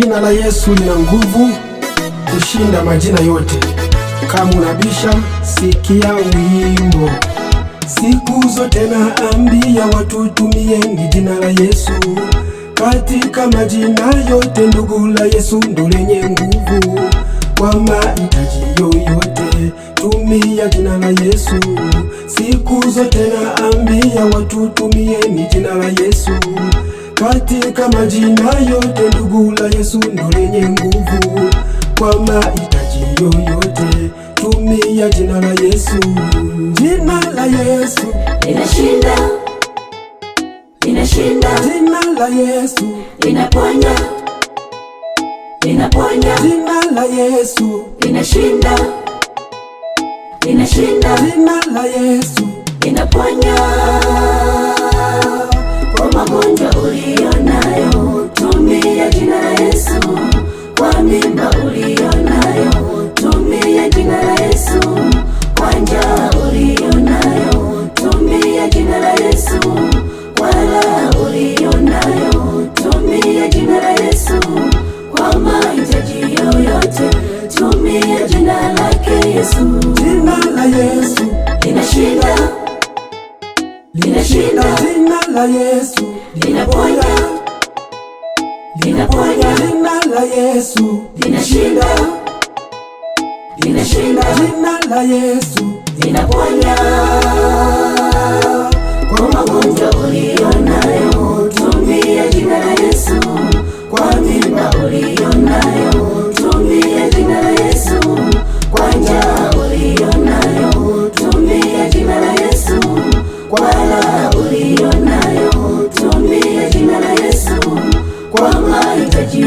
Jina la Yesu lina nguvu kushinda majina yote. Kama unabisha, sikia wimbo siku zote, na ambia watu, tumieni jina la Yesu katika majina yote. Ndugu la Yesu ndo lenye nguvu kwa mahitaji yoyote, tumia jina la Yesu siku zote, na ambia watu, tumieni jina la Yesu katika majina yote, ndugu la Yesu ndo lenye nguvu kwa mahitaji yoyote. Tumia jina la Yesu, jina la Yesu linashinda, linashinda. Jina la Yesu linaponya, linaponya. Jina la Yesu linashinda, linashinda. Jina la Yesu linaponya kwa magonjwa ulionayo, tumia jina la Yesu. Kwa mimba ulionayo, tumia jina la Yesu. Kwa njaa ulionayo, tumia jina la Yesu. Kwa raha ulionayo, tumia jina la Yesu. Kwa mahitaji yoyote, tumia jina lake Yesu. la Yesu linaponya, linaponya. Jina la Yesu linashinda, linashinda. Jina la Yesu linaponya.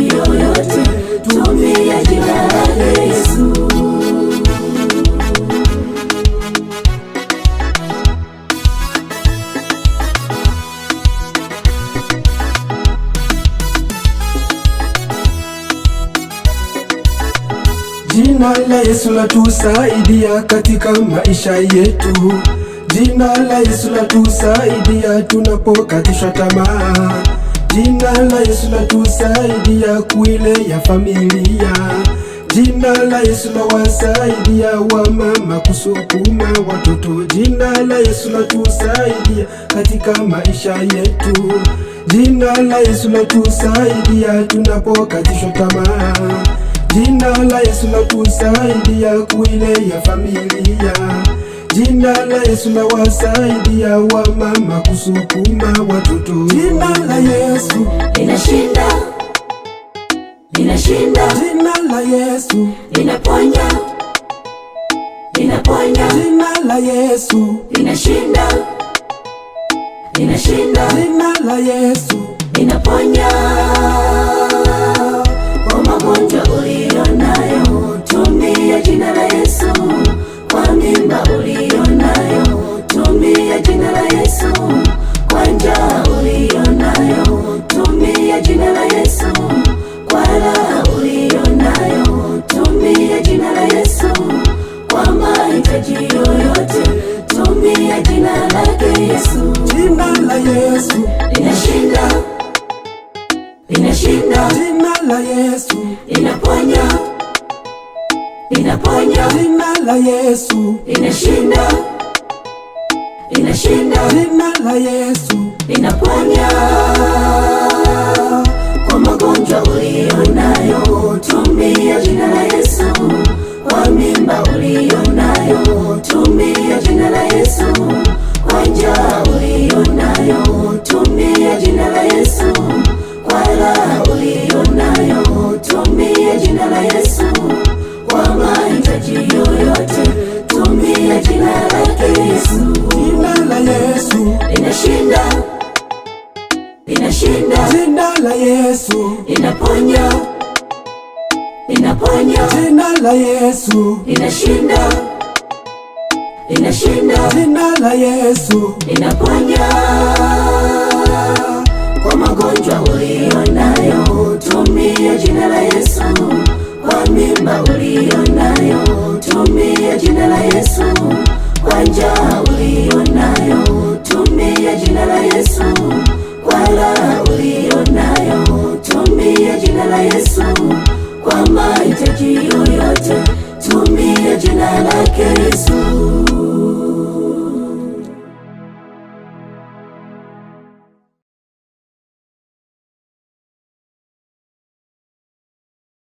yoyote, tumia jina la Yesu. Jina la Yesu latusaidia katika maisha yetu. Jina la Yesu latusaidia tunapokatishwa tamaa. Jina la Yesu latusaidia kuile ya familia, jina la Yesu lawasaidia wamama kusukuma watoto, jina la Yesu latusaidia katika maisha yetu, jina la Yesu latusaidia tunapokatishwa tamaa, jina la Yesu latusaidia kuile ya familia jina la Yesu lawasaidia wamama kusukuma watoto, jina la Yesu Yesu linashinda, linashinda. Jina la Yesu linaponya, linaponya. Jina la Yesu linashinda, linashinda. Jina la Yesu linaponya kwa magonjwa uliyo Yesu inashinda, inashinda. Jina la Yesu inaponya, inaponya. Jina la Yesu inashinda, inashinda. Jina la Yesu inaponya jina la Yesu kwa mahitaji yoyote, tumia jina lake Yesu. Jina la Yesu linashinda, linashinda. Jina la Yesu linaponya, linaponya. Jina la Yesu linashinda, linashinda. Jina la Yesu linaponya kwa magonjwa uliyo nayo, tumia jina la Yesu. Yesu kwa mahitaji yoyote, tumia jina lake Yesu.